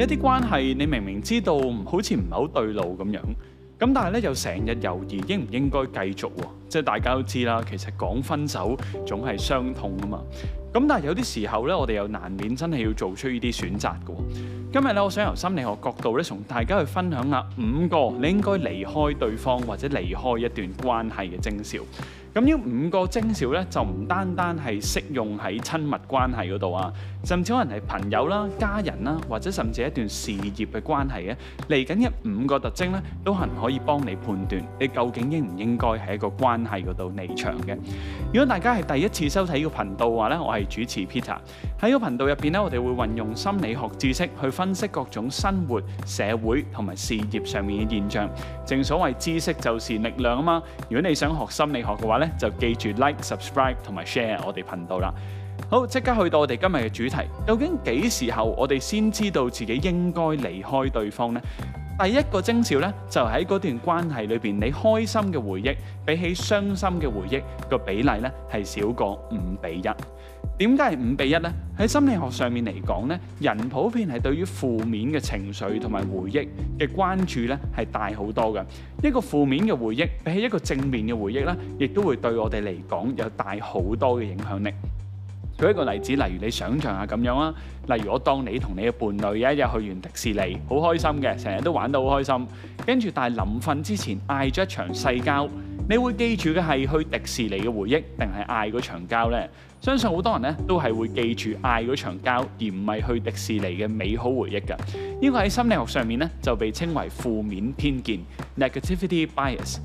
一啲關係，你明明知道好似唔係好對路咁樣，咁但係咧又成日猶豫，應唔應該繼續喎，啊？即係大家都知啦，其實講分手總係傷痛㗎嘛。咁但係有啲時候咧，我哋又難免真係要做出呢啲選擇㗎。今日咧，我想由心理學角度咧，同大家去分享下五個你應該離開對方或者離開一段關係嘅徵兆。咁呢五個徵兆咧，就唔單單係適用喺親密關係嗰度啊，甚至可能係朋友啦、家人啦，或者甚至一段事業嘅關係咧，嚟緊呢五個特徵咧，都係可以幫你判斷你究竟應唔應該喺一個關係嗰度離場嘅。如果大家係第一次收睇呢個頻道嘅話咧，我係主持 Peter，喺呢個頻道入邊咧，我哋會運用心理學知識去分析各種生活、社會同埋事業上面嘅現象。正所謂知識就是力量啊嘛！如果你想學心理學嘅話，咧就記住 like、subscribe 同埋 share 我哋頻道啦。好，即刻去到我哋今日嘅主題，究竟幾時候我哋先知道自己應該離開對方呢？第一個徵兆咧，就喺嗰段關係裏邊，你開心嘅回憶比起傷心嘅回憶個比例咧，係少過五比一。點解係五比一呢？喺心理學上面嚟講呢，人普遍係對於負面嘅情緒同埋回憶嘅關注呢係大好多嘅。一個負面嘅回憶比起一個正面嘅回憶呢，亦都會對我哋嚟講有大好多嘅影響力。舉一個例子，例如你想象下咁樣啦，例如我當你同你嘅伴侶有一日去完迪士尼，好開心嘅，成日都玩得好開心，跟住但係臨瞓之前嗌咗一場細交。你會記住嘅係去迪士尼嘅回憶，定係嗌嗰場交呢？相信好多人呢都係會記住嗌嗰場交，而唔係去迪士尼嘅美好回憶㗎。呢個喺心理學上面呢，就被稱為負面偏見 n e g a t i v i t y bias）。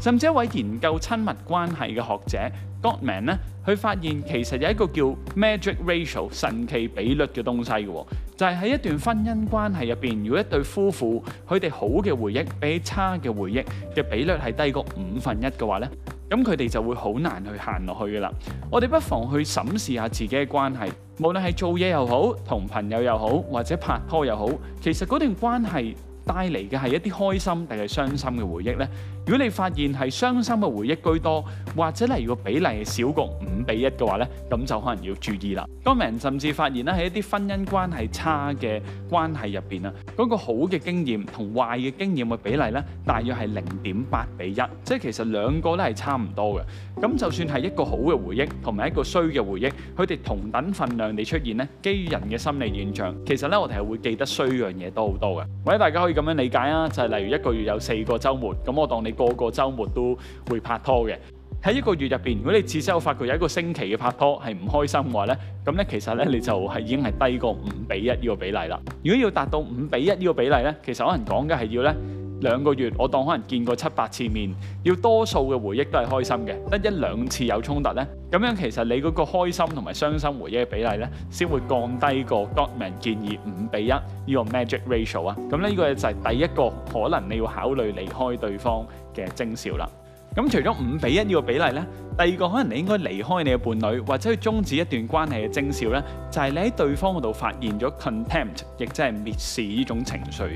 甚至一位研究親密關係嘅學者 Gottman 咧，佢發現其實有一個叫 Magic Ratio 神奇比率嘅東西嘅，就係喺一段婚姻關係入邊，如果一對夫婦佢哋好嘅回憶比差嘅回憶嘅比率係低過五分一嘅話咧，咁佢哋就會好難去行落去㗎喇。我哋不妨去審視下自己嘅關係，無論係做嘢又好，同朋友又好，或者拍拖又好，其實嗰段關係帶嚟嘅係一啲開心定係傷心嘅回憶呢？如果你發現係傷心嘅回憶居多，或者咧，如果比例係少過五比一嘅話咧，咁就可能要注意啦。科學人甚至發現咧，喺一啲婚姻關係差嘅關係入邊啊，嗰個好嘅經驗同壞嘅經驗嘅比例咧，大約係零點八比一，即係其實兩個都係差唔多嘅。咁就算係一個好嘅回憶同埋一個衰嘅回憶，佢哋同等份量地出現呢，基於人嘅心理現象，其實咧我哋係會記得衰樣嘢多好多嘅。或者大家可以咁樣理解啊，就係例如一個月有四個週末，咁我當你。個個週末都會拍拖嘅，喺一個月入邊，如果你至少發覺有一個星期嘅拍拖係唔開心嘅話呢，咁呢其實呢，你就係已經係低過五比一呢個比例啦。如果要達到五比一呢個比例呢，其實可能講嘅係要呢。兩個月，我當可能見過七八次面，要多數嘅回憶都係開心嘅，得一兩次有衝突呢。咁樣其實你嗰個開心同埋傷心回憶嘅比例呢，先會降低過 Gottman 建議五比一呢個 magic ratio 啊。咁呢個就係第一個可能你要考慮離開對方嘅徵兆啦。咁除咗五比一呢個比例呢，第二個可能你應該離開你嘅伴侶或者去終止一段關係嘅徵兆呢，就係、是、你喺對方嗰度發現咗 contempt，亦即係蔑視呢種情緒。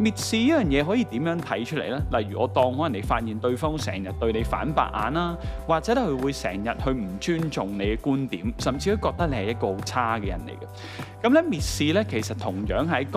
蔑視呢樣嘢可以點樣睇出嚟呢？例如我當可能你發現對方成日對你反白眼啦，或者咧，佢會成日去唔尊重你嘅觀點，甚至都覺得你係一個好差嘅人嚟嘅。咁咧，蔑視咧，其實同樣喺 g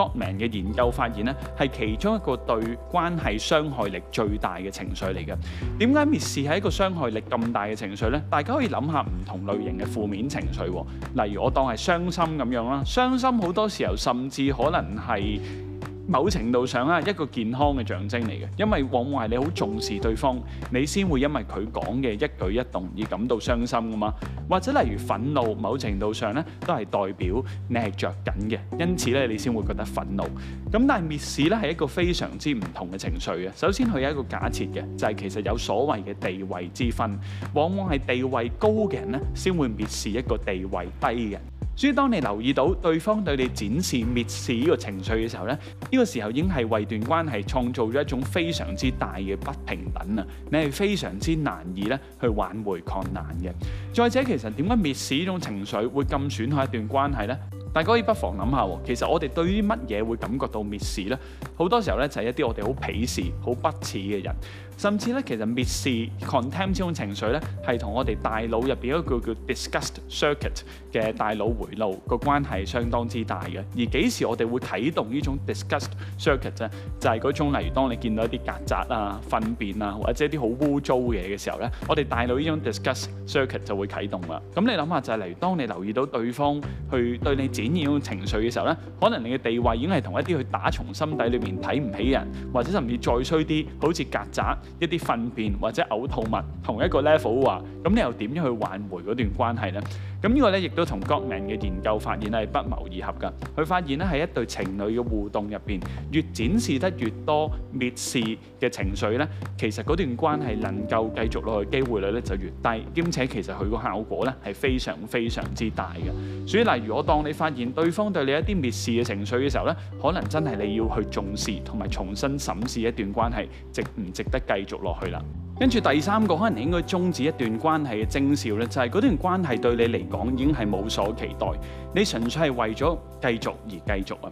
某程度上啊，一個健康嘅象徵嚟嘅，因為往往係你好重視對方，你先會因為佢講嘅一舉一動而感到傷心噶嘛。或者例如憤怒，某程度上咧都係代表你係着緊嘅，因此咧你先會覺得憤怒。咁但係蔑視咧係一個非常之唔同嘅情緒啊。首先佢有一個假設嘅，就係其實有所謂嘅地位之分，往往係地位高嘅人咧先會蔑視一個地位低嘅。所以當你留意到對方對你展示蔑視呢個情緒嘅時候咧，呢個時候已經係為段關係創造咗一種非常之大嘅不平等啊！你係非常之難以咧去挽回困難嘅。再者，其實點解蔑視呢種情緒會咁損害一段關係咧？大家可以不妨諗下，其實我哋對於乜嘢會感覺到蔑視咧？好多時候咧就係一啲我哋好鄙視、好不齒嘅人。甚至咧，其實蔑視 cont、contempt 呢種情緒咧，係同我哋大腦入邊一個叫，叫 disgust circuit 嘅大腦回路個關係相當之大嘅。而幾時我哋會啟動種呢種 disgust circuit 咧，就係、是、嗰種例如當你見到一啲曱甴啊、糞便啊，或者一啲好污糟嘢嘅時候咧，我哋大腦呢種 disgust circuit 就會啟動啦。咁你諗下，就係、是、例如當你留意到對方去對你展現呢種情緒嘅時候咧，可能你嘅地位已經係同一啲去打從心底裏面睇唔起人，或者甚至再衰啲，好似曱甴。一啲糞便、或者嘔吐物，同一個 level 話，咁你又點樣去挽回嗰段關係咧？咁呢個咧亦都同 Gottman 嘅研究發現係不謀而合噶。佢發現咧，喺一對情侶嘅互動入邊，越展示得越多蔑視嘅情緒咧，其實嗰段關係能夠繼續落去機會率咧就越低。兼且其實佢個效果咧係非常非常之大嘅。所以例如我當你發現對方對你一啲蔑視嘅情緒嘅時候咧，可能真係你要去重視同埋重新審視一段關係值唔值得繼續落去啦，跟住第三個可能你應該終止一段關係嘅徵兆咧，就係嗰段關係對你嚟講已經係冇所期待，你純粹係為咗繼續而繼續啊。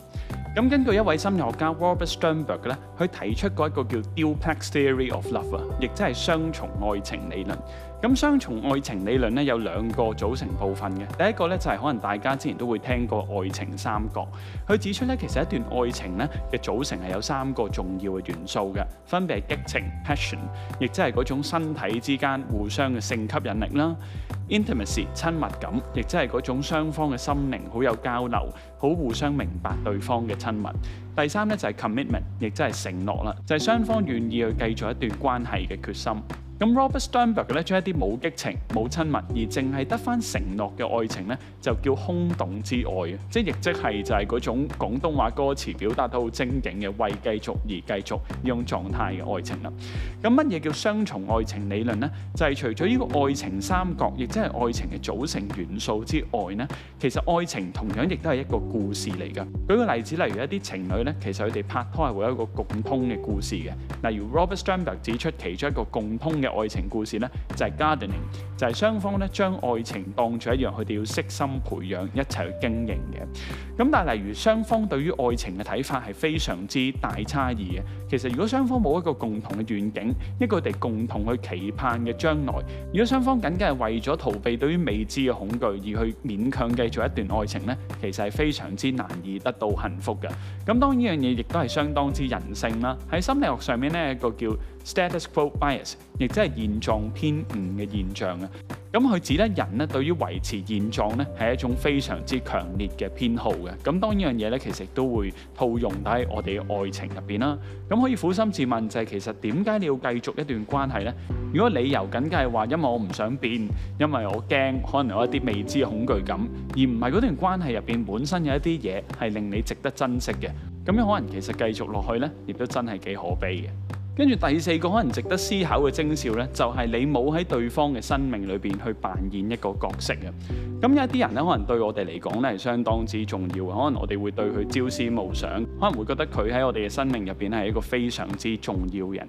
咁根據一位心理學家 Robert Sternberg 咧，佢提出過一個叫 Duplex Theory of Love 啊，亦即係雙重愛情理論。咁雙重愛情理論咧，有兩個組成部分嘅，第一個咧就係可能大家之前都會聽過愛情三角，佢指出咧，其實一段愛情咧嘅組成係有三個重要嘅元素嘅，分別係激情 （passion），亦即係嗰種身體之間互相嘅性吸引力啦；intimacy 親密感，亦即係嗰種雙方嘅心靈好有交流，好互相明白對方嘅親密；第三咧就係 commitment，亦即係承諾啦，就係雙方願意去繼續一段關係嘅決心。咁 Robert Sternberg 咧將一啲冇激情、冇親密而淨係得翻承諾嘅愛情咧，就叫空洞之愛嘅，即係亦即係就係嗰種廣東話歌詞表達到好正經嘅為繼續而繼續呢種狀態嘅愛情啦。咁乜嘢叫雙重愛情理論咧？就係除咗呢個愛情三角，亦即係愛情嘅組成元素之外咧，其實愛情同樣亦都係一個故事嚟㗎。舉個例子，例如一啲情侶咧，其實佢哋拍拖係會有一個共通嘅故事嘅。例如 Robert Sternberg 指出，其中一個共通嘅愛情故事呢就係 gardening，就係雙方呢將愛情當作一樣，佢哋要悉心培養一齊去經營嘅。咁但係例如雙方對於愛情嘅睇法係非常之大差異嘅。其實如果雙方冇一個共同嘅願景，一個佢哋共同去期盼嘅將來，如果雙方僅僅係為咗逃避對於未知嘅恐懼而去勉強繼續一段愛情呢，其實係非常之難以得到幸福嘅。咁當然呢樣嘢亦都係相當之人性啦。喺心理學上面呢，一個叫 status quo bias，亦即係現狀偏誤嘅現象啊。咁佢指咧人咧對於維持現狀咧係一種非常之強烈嘅偏好嘅。咁當呢樣嘢咧，其實亦都會套用喺我哋嘅愛情入邊啦。咁可以苦心自問就係其實點解你要繼續一段關係咧？如果理由僅僅係話因為我唔想變，因為我驚可能有一啲未知嘅恐懼感，而唔係嗰段關係入邊本身有一啲嘢係令你值得珍惜嘅。咁樣可能其實繼續落去咧，亦都真係幾可悲嘅。跟住第四個可能值得思考嘅徵兆呢，就係、是、你冇喺對方嘅生命裏邊去扮演一個角色嘅。咁有一啲人呢，可能對我哋嚟講呢，係相當之重要嘅，可能我哋會對佢朝思暮想，可能會覺得佢喺我哋嘅生命入邊係一個非常之重要嘅人。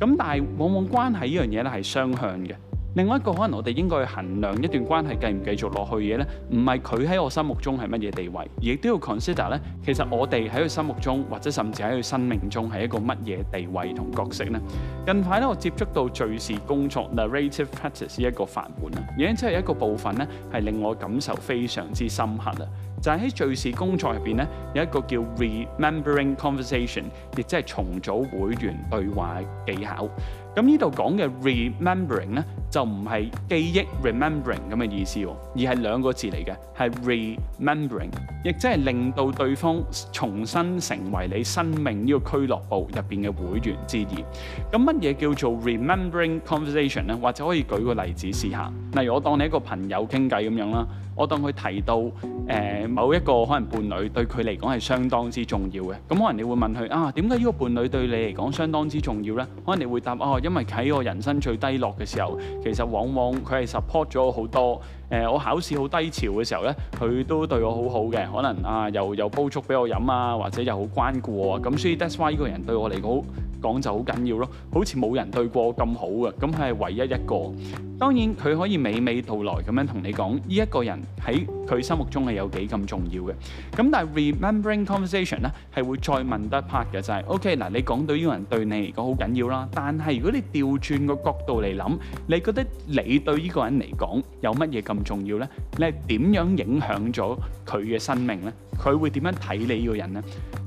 咁但係往往關係呢樣嘢呢係雙向嘅。另外一個可能我哋應該去衡量一段關係繼唔繼續落去嘅呢，唔係佢喺我心目中係乜嘢地位，而亦都要 consider 呢，其實我哋喺佢心目中或者甚至喺佢生命中係一個乜嘢地位同角色呢。近排呢我接觸到敘事工作 narrative practice 一個法門啊，嘢真係一個部分呢係令我感受非常之深刻啊，就係喺敘事工作入邊呢有一個叫 remembering conversation，亦即係重組會員對話技巧。咁呢度講嘅 remembering 咧，就唔係記憶 remembering 咁嘅意思，而係兩個字嚟嘅，係 re-membering，亦即係令到對方重新成為你生命呢個俱樂部入邊嘅會員之二。咁乜嘢叫做 re-membering conversation 呢？或者可以舉個例子試下，例如我當你一個朋友傾偈咁樣啦，我當佢提到誒、呃、某一個可能伴侶對佢嚟講係相當之重要嘅，咁可能你會問佢「啊，點解呢個伴侶對你嚟講相當之重要呢？」可能你會答，「哦、啊。」因為喺我人生最低落嘅時候，其實往往佢係 support 咗我好多。誒，我考試好低潮嘅時候咧，佢都對我好好嘅。可能啊，又又煲粥俾我飲啊，或者又好關顧我。咁所以 that's why 呢個人對我嚟講講就好緊要咯，好似冇人對過咁好嘅，咁佢係唯一一個。當然佢可以娓娓道來咁樣同你講，呢一個人喺佢心目中係有幾咁重要嘅。咁但係 remembering conversation 咧，係會再問得 part 嘅就係、是，OK 嗱，你講到呢個人對你嚟講好緊要啦，但係如果你調轉個角度嚟諗，你覺得你對呢個人嚟講有乜嘢咁重要呢？你係點樣影響咗佢嘅生命呢？佢會點樣睇你個人呢？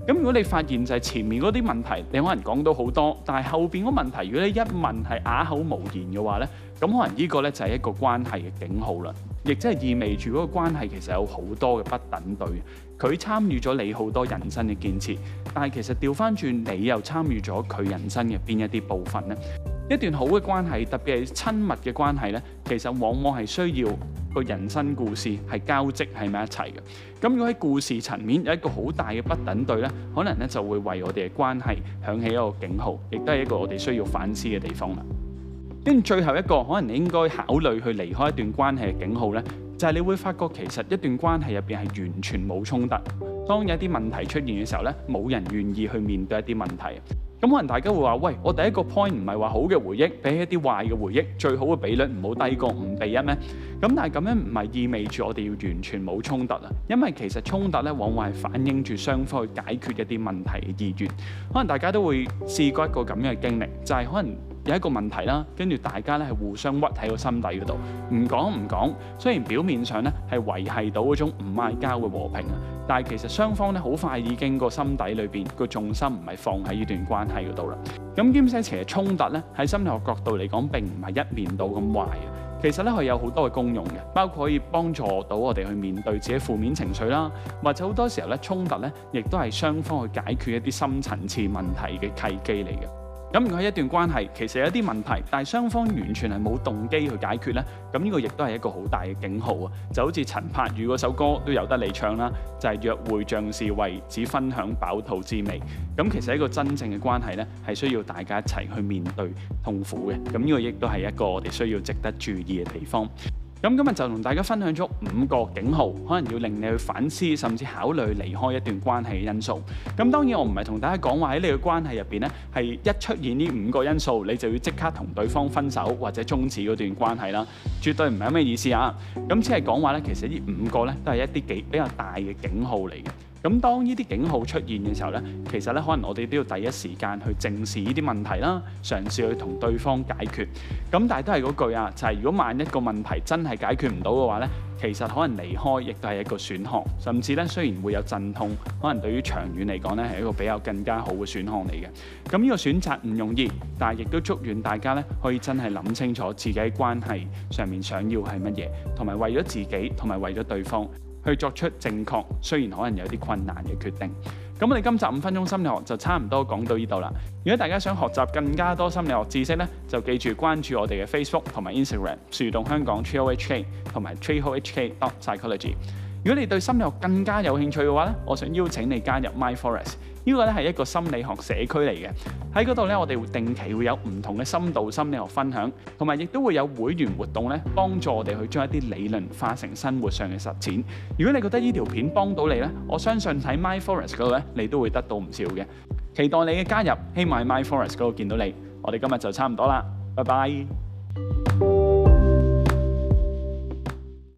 咁如果你發現就係前面嗰啲問題，你可能講到好多，但係後邊嗰問題，如果你一問係啞口無言嘅話呢，咁可能呢個呢就係一個關係嘅警號啦，亦即係意味住嗰個關係其實有好多嘅不等對，佢參與咗你好多人生嘅建設，但係其實調翻轉你又參與咗佢人生嘅邊一啲部分呢。一段好嘅關係，特別係親密嘅關係呢，其實往往係需要個人生故事係交織喺埋一齊嘅。咁如果喺故事層面有一個好大嘅不等對呢，可能呢就會為我哋嘅關係響起一個警號，亦都係一個我哋需要反思嘅地方啦。跟住最後一個可能你應該考慮去離開一段關係嘅警號呢就係你會發覺其實一段關係入邊係完全冇衝突，當有一啲問題出現嘅時候呢，冇人願意去面對一啲問題。咁可能大家會話：喂，我第一個 point 唔係話好嘅回憶，比起一啲壞嘅回憶，最好嘅比率唔好低過五比一咩？咁但係咁樣唔係意味住我哋要完全冇衝突啊？因為其實衝突咧往往係反映住雙方去解決一啲問題嘅意願。可能大家都會試過一個咁樣嘅經歷，就係、是、可能。有一個問題啦，跟住大家咧係互相屈喺個心底嗰度，唔講唔講。雖然表面上咧係維繫到嗰種唔嗌交嘅和平，但係其實雙方咧好快已經個心底裏邊個重心唔係放喺呢段關係嗰度啦。咁兼且其實衝突咧喺心理學角度嚟講並唔係一面倒咁壞嘅，其實咧佢有好多嘅功用嘅，包括可以幫助到我哋去面對自己負面情緒啦，或者好多時候咧衝突咧亦都係雙方去解決一啲深層次問題嘅契機嚟嘅。咁如果一段關係，其實有一啲問題，但係雙方完全係冇動機去解決呢。咁呢個亦都係一個好大嘅警號啊！就好似陳柏宇嗰首歌都有得你唱啦，就係約會像是為只分享飽肚滋味。咁其實一個真正嘅關係呢，係需要大家一齊去面對痛苦嘅。咁呢個亦都係一個我哋需要值得注意嘅地方。咁今日就同大家分享咗五個警號，可能要令你去反思，甚至考慮離開一段關係嘅因素。咁當然我唔係同大家講話喺你嘅關係入邊呢，係一出現呢五個因素，你就要即刻同對方分手或者終止嗰段關係啦。絕對唔係咩意思啊！咁只係講話呢，其實呢五個呢，都係一啲幾比較大嘅警號嚟嘅。咁當呢啲警號出現嘅時候呢，其實呢，可能我哋都要第一時間去正視呢啲問題啦，嘗試去同對方解決。咁但係都係嗰句啊，就係如果萬一個問題真係解決唔到嘅話呢，其實可能離開亦都係一個選項，甚至呢，雖然會有陣痛，可能對於長遠嚟講呢，係一個比較更加好嘅選項嚟嘅。咁呢個選擇唔容易，但係亦都祝願大家呢，可以真係諗清楚自己關係上面想要係乜嘢，同埋為咗自己同埋為咗對方，去作出正確，雖然可能有啲困難嘅決定。咁我哋今集五分鐘心理學就差唔多講到呢度啦。如果大家想學習更加多心理學知識呢，就記住關注我哋嘅 Facebook 同埋 Instagram，樹洞香港 TreeholeHK 同埋 TreeholeHK Psychology。如果你對心理學更加有興趣嘅話咧，我想邀請你加入 MindForest。呢個咧係一個心理學社區嚟嘅，喺嗰度咧我哋會定期會有唔同嘅深度心理學分享，同埋亦都會有會員活動咧，幫助我哋去將一啲理論化成生活上嘅實踐。如果你覺得呢條片幫到你咧，我相信喺 MindForest 嗰度咧，你都會得到唔少嘅。期待你嘅加入，希望喺 MindForest 嗰度見到你。我哋今日就差唔多啦，拜拜。